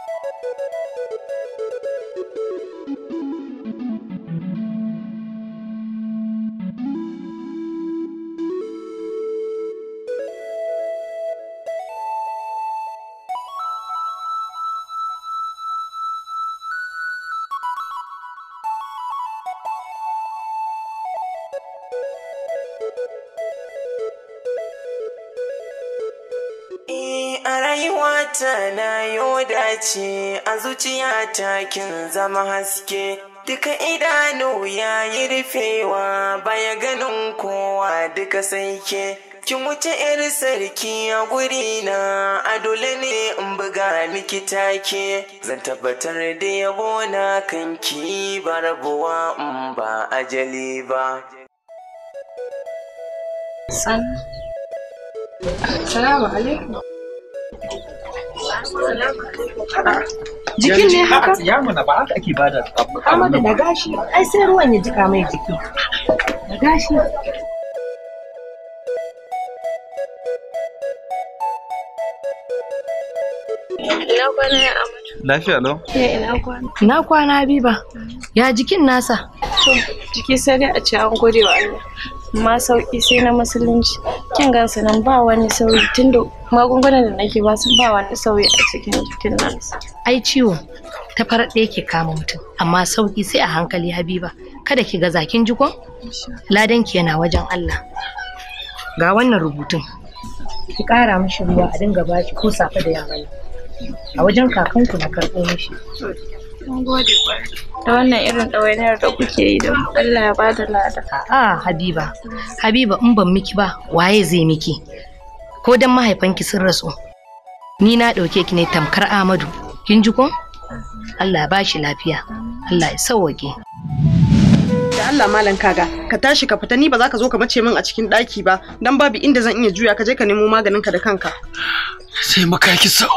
Thank you. ta na yau dace a zuciya ta kin zama haske duka idanu ya yi rufewa baya ganin kowa duka sai ke kin wuce yar sarki a guri na a dole ne in buga miki take zan tabbatar da yabo na kanki ba rabuwa in ba ajali ba Salamu alaikum. Jikin ne haka? Ya mana ba haka ake bada abu. da gashi, ai sai ruwan ya jika mai jiki. Da gashi. Ina kwana ya amadu. Lafiya lau? ina kwana. Na kwana ba. Ya jikin nasa? jiki sai dai a ce an gode wa Allah. Ma sauki sai na musulunci. Kin gansa nan ba wani sauyi tunda magungunan da nake ba sun ba wani sauyi a cikin jikin nan ai ciwo ta farar ɗaya ke kama mutum amma sauki sai a hankali habiba kada ki ga zakin jikon ladan ki yana wajen Allah ga wannan rubutun ki ƙara mishi ruwa a dinga ba shi ko safe da yamma a wajen kakanku na karɓo mishi da wannan irin ɗawainiyar da kuke yi da Allah ya bada lada a'a habiba habiba in ban miki ba waye zai miki ko dan mahaifanki sun rasu ni na ɗauke ki ne tamkar amadu kin ji ko Allah ba shi lafiya Allah ya sauwake da Allah malam kaga ka tashi ka fita ni ba za ka zo ka mace min a cikin ɗaki ba dan babu inda zan iya juya ka je ka nemo maganin ka da kanka sai maka ki sau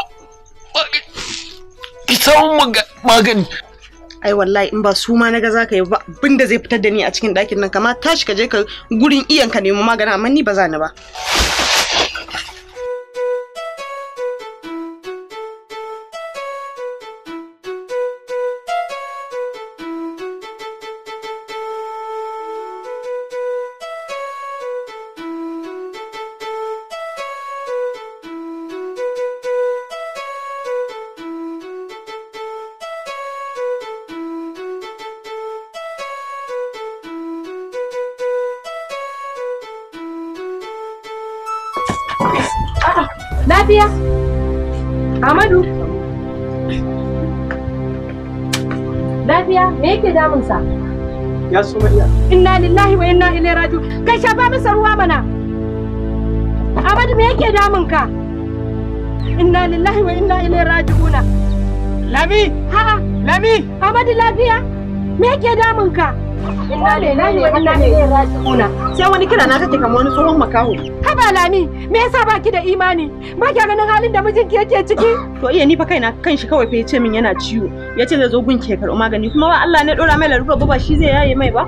ki sau magani ai wallahi in ba su ma naga zaka yi ba da zai fitar da ni a cikin ɗakin nan kama tashi ka je ka gurin iyanka nemo magana amma ni ba za ni ba Ah, lafiya? Amadu? Lafiya? Me yake damunsa? Ya Sumayya. Inna lillahi wa inna ilaihi raji'un. Kai shafa masa ruwa mana. Amadu me yake ka? Inna lillahi wa inna ilaihi raji'un. Lami? Ha? Lami? Amadu lafiya? Me yake damunka? Ina ne na ne kuna. Sai wani kira na take kama wani tsohon makaho. Haba Lami, me yasa baki da imani? Ba ki ganin halin da mijinki yake ciki? To iya ni fa kaina kanshi kawai fa yace min yana ciwo. Yace zai zo gunki ya karɓi magani kuma ba Allah ne dora mai larura ba shi zai yaye mai ba.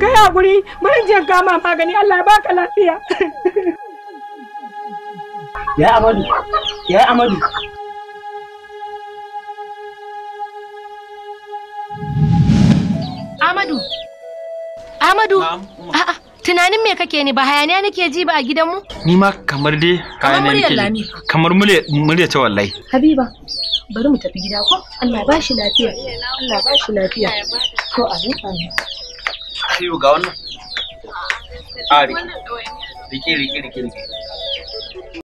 Kai hakuri, bari je ga ma magani Allah ya baka lafiya. Ya Amadu, ya Amadu, Ahmadu. Ahmadu. A'a, tunanin me kake ni ba hayaniya nake ji ba a gidanmu? Ni ma kamar dai hayaniya nake Kamar Kamar murya ta wallahi. Habiba, bari mu tafi gida ko? Allah ba shi lafiya. Allah ba shi lafiya. Ko abin amin. Ayyo ga wannan. Ari. Rike rike rike rike.